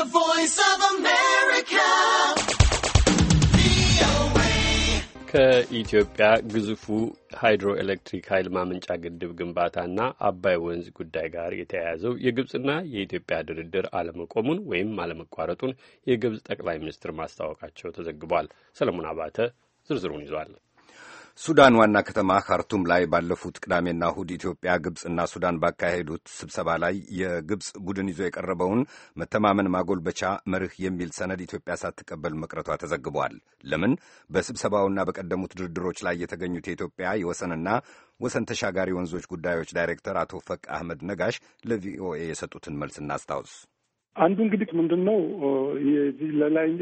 The Voice of America. ከኢትዮጵያ ግዙፉ ሃይድሮ ኤሌክትሪክ ኃይል ማመንጫ ግድብ ግንባታና አባይ ወንዝ ጉዳይ ጋር የተያያዘው የግብጽና የኢትዮጵያ ድርድር አለመቆሙን ወይም አለመቋረጡን የግብጽ ጠቅላይ ሚኒስትር ማስታወቃቸው ተዘግቧል። ሰለሞን አባተ ዝርዝሩን ይዟል። ሱዳን ዋና ከተማ ካርቱም ላይ ባለፉት ቅዳሜና እሁድ ኢትዮጵያ፣ ግብፅና ሱዳን ባካሄዱት ስብሰባ ላይ የግብፅ ቡድን ይዞ የቀረበውን መተማመን ማጎልበቻ መርህ የሚል ሰነድ ኢትዮጵያ ሳትቀበል መቅረቷ ተዘግቧል። ለምን? በስብሰባውና በቀደሙት ድርድሮች ላይ የተገኙት የኢትዮጵያ የወሰንና ወሰን ተሻጋሪ ወንዞች ጉዳዮች ዳይሬክተር አቶ ፈቅ አህመድ ነጋሽ ለቪኦኤ የሰጡትን መልስ እናስታውስ። አንዱ እንግዲህ ምንድን ነው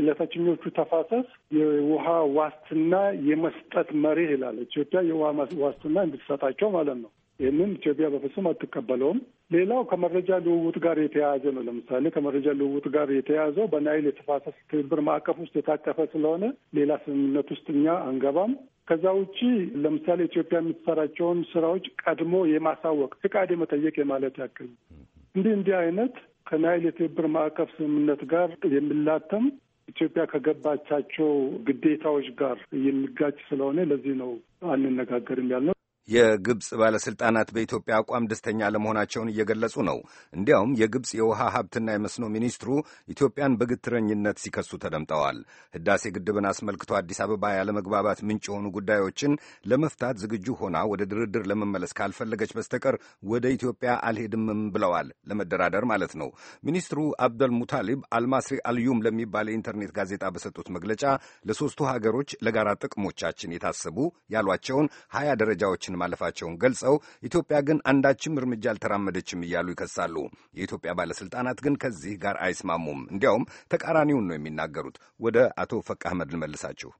ለታችኞቹ ተፋሰስ የውሃ ዋስትና የመስጠት መርህ ይላል ኢትዮጵያ የውሃ ዋስትና እንድትሰጣቸው ማለት ነው። ይህንን ኢትዮጵያ በፍጹም አትቀበለውም። ሌላው ከመረጃ ልውውጥ ጋር የተያያዘ ነው። ለምሳሌ ከመረጃ ልውውጥ ጋር የተያያዘው በናይል የተፋሰስ ትብብር ማዕቀፍ ውስጥ የታቀፈ ስለሆነ ሌላ ስምምነት ውስጥ እኛ አንገባም። ከዛ ውጪ ለምሳሌ ኢትዮጵያ የምትሰራቸውን ስራዎች ቀድሞ የማሳወቅ ፍቃድ የመጠየቅ የማለት ያክል እንዲህ እንዲህ አይነት ከናይል የትብብር ማዕቀፍ ስምምነት ጋር የሚላተም ኢትዮጵያ ከገባቻቸው ግዴታዎች ጋር የሚጋጭ ስለሆነ ለዚህ ነው አንነጋገርም ያልነው። የግብፅ ባለሥልጣናት በኢትዮጵያ አቋም ደስተኛ ለመሆናቸውን እየገለጹ ነው። እንዲያውም የግብፅ የውሃ ሀብትና የመስኖ ሚኒስትሩ ኢትዮጵያን በግትረኝነት ሲከሱ ተደምጠዋል። ህዳሴ ግድብን አስመልክቶ አዲስ አበባ ያለመግባባት ምንጭ የሆኑ ጉዳዮችን ለመፍታት ዝግጁ ሆና ወደ ድርድር ለመመለስ ካልፈለገች በስተቀር ወደ ኢትዮጵያ አልሄድምም ብለዋል። ለመደራደር ማለት ነው። ሚኒስትሩ አብደል ሙታሊብ አልማስሪ አልዩም ለሚባል የኢንተርኔት ጋዜጣ በሰጡት መግለጫ ለሦስቱ ሀገሮች ለጋራ ጥቅሞቻችን የታሰቡ ያሏቸውን ሀያ ደረጃዎችን ዘመን ማለፋቸውን ገልጸው ኢትዮጵያ ግን አንዳችም እርምጃ አልተራመደችም እያሉ ይከሳሉ። የኢትዮጵያ ባለስልጣናት ግን ከዚህ ጋር አይስማሙም። እንዲያውም ተቃራኒውን ነው የሚናገሩት። ወደ አቶ ፈቅ አህመድ ልመልሳችሁ።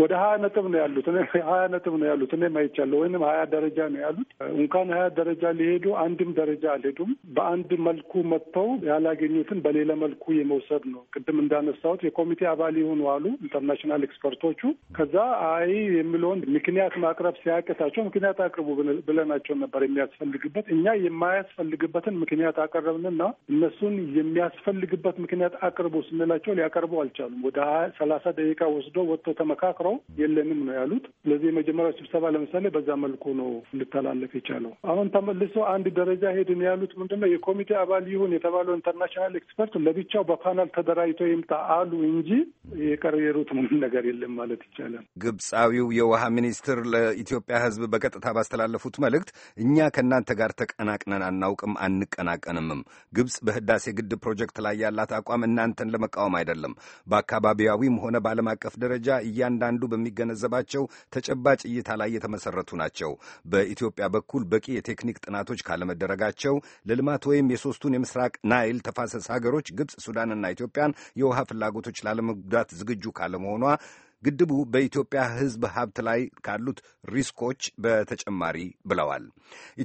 ወደ ሀያ ነጥብ ነው ያሉት ሀያ ነጥብ ነው ያሉት እኔ አይቻለሁ። ወይም ሀያ ደረጃ ነው ያሉት። እንኳን ሀያ ደረጃ ሊሄዱ አንድም ደረጃ አልሄዱም። በአንድ መልኩ መጥተው ያላገኙትን በሌላ መልኩ የመውሰድ ነው። ቅድም እንዳነሳሁት የኮሚቴ አባል የሆኑ አሉ ኢንተርናሽናል ኤክስፐርቶቹ። ከዛ አይ የሚለውን ምክንያት ማቅረብ ሲያቅታቸው ምክንያት አቅርቡ ብለናቸው ነበር የሚያስፈልግበት እኛ የማያስፈልግበትን ምክንያት አቀረብንና እነሱን የሚያስፈልግበት ምክንያት አቅርቡ ስንላቸው ሊያቀርቡ አልቻሉም። ወደ ሀያ ሰላሳ ደቂቃ ወስዶ ወጥቶ ተመካክሮ ተጠናክሮ የለንም ነው ያሉት። ስለዚህ የመጀመሪያው ስብሰባ ለምሳሌ በዛ መልኩ ነው ልተላለፍ የቻለው። አሁን ተመልሶ አንድ ደረጃ ሄድን ያሉት ምንድነው የኮሚቴ አባል ይሁን የተባለው ኢንተርናሽናል ኤክስፐርት ለብቻው በፓናል ተደራጅቶ ይምጣ አሉ እንጂ የቀረሩት ምንም ነገር የለም ማለት ይቻላል። ግብፃዊው የውሃ ሚኒስትር ለኢትዮጵያ ሕዝብ በቀጥታ ባስተላለፉት መልእክት እኛ ከእናንተ ጋር ተቀናቅነን አናውቅም፣ አንቀናቀንምም። ግብፅ በህዳሴ ግድብ ፕሮጀክት ላይ ያላት አቋም እናንተን ለመቃወም አይደለም። በአካባቢያዊም ሆነ በዓለም አቀፍ ደረጃ እያንዳንዱ አንዱ በሚገነዘባቸው ተጨባጭ እይታ ላይ የተመሰረቱ ናቸው። በኢትዮጵያ በኩል በቂ የቴክኒክ ጥናቶች ካለመደረጋቸው ለልማት ወይም የሶስቱን የምስራቅ ናይል ተፋሰስ ሀገሮች ግብፅ፣ ሱዳንና ኢትዮጵያን የውሃ ፍላጎቶች ላለመጉዳት ዝግጁ ካለመሆኗ ግድቡ በኢትዮጵያ ሕዝብ ሀብት ላይ ካሉት ሪስኮች በተጨማሪ ብለዋል።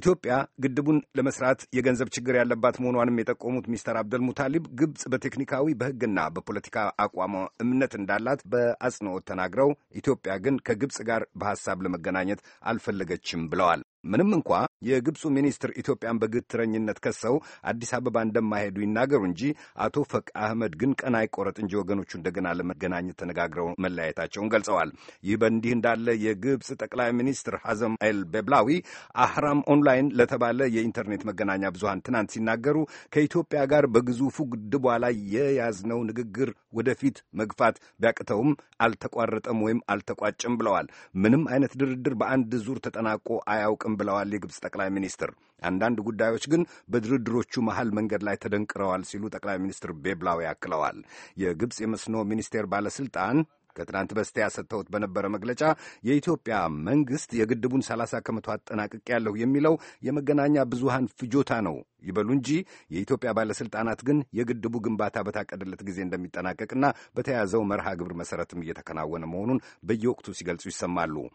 ኢትዮጵያ ግድቡን ለመስራት የገንዘብ ችግር ያለባት መሆኗንም የጠቆሙት ሚስተር አብደል ሙታሊብ ግብፅ በቴክኒካዊ በሕግና በፖለቲካ አቋሟ እምነት እንዳላት በአጽንኦት ተናግረው ኢትዮጵያ ግን ከግብፅ ጋር በሀሳብ ለመገናኘት አልፈለገችም ብለዋል። ምንም እንኳ የግብፁ ሚኒስትር ኢትዮጵያን በግትረኝነት ከሰው አዲስ አበባ እንደማይሄዱ ይናገሩ እንጂ አቶ ፈቅ አህመድ ግን ቀን አይቆረጥ እንጂ ወገኖቹ እንደገና ለመገናኘት ተነጋግረው መለያየታቸውን ገልጸዋል። ይህ በእንዲህ እንዳለ የግብፅ ጠቅላይ ሚኒስትር ሐዘም ኤል ቤብላዊ አህራም ኦንላይን ለተባለ የኢንተርኔት መገናኛ ብዙሃን ትናንት ሲናገሩ ከኢትዮጵያ ጋር በግዙፉ ግድቧ ላይ የያዝነው ንግግር ወደፊት መግፋት ቢያቅተውም አልተቋረጠም ወይም አልተቋጭም ብለዋል። ምንም አይነት ድርድር በአንድ ዙር ተጠናቆ አያውቅም አናውቅም ብለዋል የግብፅ ጠቅላይ ሚኒስትር። አንዳንድ ጉዳዮች ግን በድርድሮቹ መሀል መንገድ ላይ ተደንቅረዋል ሲሉ ጠቅላይ ሚኒስትር ቤብላዊ አክለዋል። የግብፅ የመስኖ ሚኒስቴር ባለስልጣን ከትናንት በስቲያ ሰጥተውት በነበረ መግለጫ የኢትዮጵያ መንግስት የግድቡን 30 ከመቶ አጠናቅቅ ያለሁ የሚለው የመገናኛ ብዙሃን ፍጆታ ነው ይበሉ እንጂ የኢትዮጵያ ባለስልጣናት ግን የግድቡ ግንባታ በታቀደለት ጊዜ እንደሚጠናቀቅና በተያዘው መርሃ ግብር መሠረትም እየተከናወነ መሆኑን በየወቅቱ ሲገልጹ ይሰማሉ።